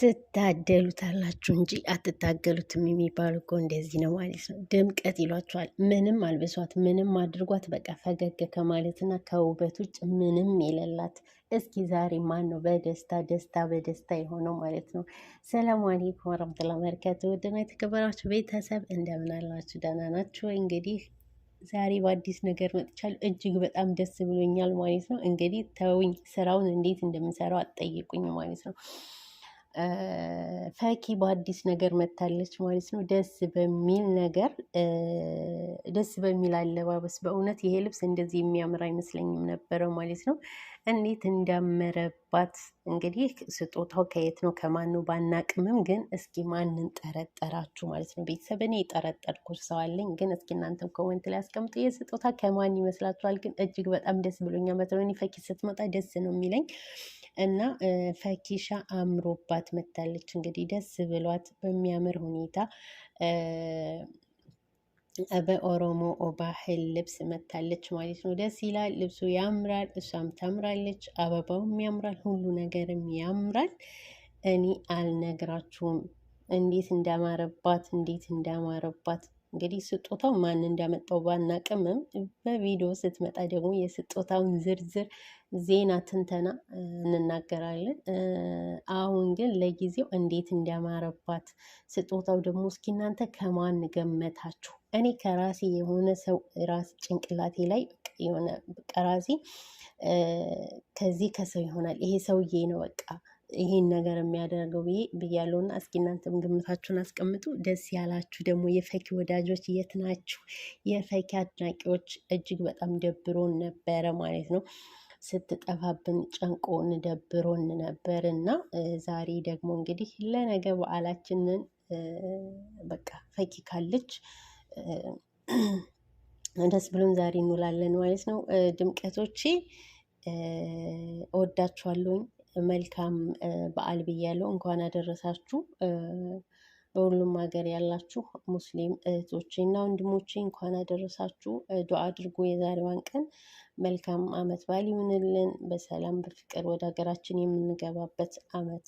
ትታደሉታላችሁ እንጂ አትታገሉትም የሚባሉ እኮ እንደዚህ ነው ማለት ነው። ድምቀት ይሏቸዋል። ምንም አልብሷት፣ ምንም አድርጓት፣ በቃ ፈገግ ከማለትና ከውበት ውጭ ምንም የሌላት። እስኪ ዛሬ ማን ነው በደስታ ደስታ በደስታ የሆነው ማለት ነው? ሰላም አለይኩም ወረመቱላ ወበረካቱህ። ውድና የተከበራችሁ ቤተሰብ እንደምን አላችሁ? ደህና ናችሁ እንግዲህ ዛሬ በአዲስ ነገር መጥቻለሁ። እጅግ በጣም ደስ ብሎኛል ማለት ነው። እንግዲህ ተውኝ፣ ስራውን እንዴት እንደምሰራው አትጠይቁኝ ማለት ነው። ፈኪ በአዲስ ነገር መታለች ማለት ነው። ደስ በሚል ነገር ደስ በሚል አለባበስ በእውነት ይሄ ልብስ እንደዚህ የሚያምር አይመስለኝም ነበረ ማለት ነው። እንዴት እንዳመረባት እንግዲህ ስጦታው ከየት ነው ከማን ነው ባናቅምም፣ ግን እስኪ ማንን ጠረጠራችሁ ማለት ነው ቤተሰብ? እኔ የጠረጠርኩ ሰው አለኝ፣ ግን እስኪ እናንተም ኮመንት ላይ አስቀምጡ። ይህ ስጦታ ከማን ይመስላችኋል? ግን እጅግ በጣም ደስ ብሎኛል። እኔ ፈኪ ስትመጣ ደስ ነው የሚለኝ እና ፈኪሻ አምሮባት መታለች። እንግዲህ ደስ ብሏት በሚያምር ሁኔታ በኦሮሞ ባህል ልብስ መታለች ማለት ነው። ደስ ይላል። ልብሱ ያምራል፣ እሷም ታምራለች፣ አበባውም ያምራል፣ ሁሉ ነገርም ያምራል። እኔ አልነግራችሁም እንዴት እንዳማረባት እንዴት እንዳማረባት እንግዲህ ስጦታው ማን እንዳመጣው ባናቅምም በቪዲዮ ስትመጣ ደግሞ የስጦታውን ዝርዝር ዜና ትንተና እንናገራለን። አሁን ግን ለጊዜው እንዴት እንዳማረባት ስጦታው ደግሞ እስኪ እናንተ ከማን ገመታችሁ? እኔ ከራሴ የሆነ ሰው ራስ ጭንቅላቴ ላይ የሆነ ቀራሴ ከዚህ ከሰው ይሆናል ይሄ ሰውዬ ነው በቃ ይሄን ነገር የሚያደርገው ብዬ ብያለሁና እስኪ እናንተም ግምታችሁን አስቀምጡ። ደስ ያላችሁ ደግሞ የፈኪ ወዳጆች የት ናችሁ? የፈኪ አድናቂዎች እጅግ በጣም ደብሮን ነበረ ማለት ነው። ስትጠፋብን ጨንቆን ደብሮን ነበር እና ዛሬ ደግሞ እንግዲህ ለነገ በዓላችንን በቃ ፈኪ ካለች ደስ ብሎን ዛሬ እንውላለን ማለት ነው። ድምቀቶቼ እወዳችኋለሁኝ። መልካም በዓል ብያለሁ። እንኳን አደረሳችሁ። በሁሉም ሀገር ያላችሁ ሙስሊም እህቶቼ እና ወንድሞቼ እንኳን አደረሳችሁ። ዱዓ አድርጎ የዛሬዋን ቀን መልካም አመት በዓል ይሁንልን። በሰላም በፍቅር ወደ ሀገራችን የምንገባበት አመት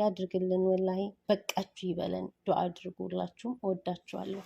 ያድርግልን። ወላሂ በቃችሁ ይበለን። ዱዓ አድርጎላችሁም እወዳችኋለሁ።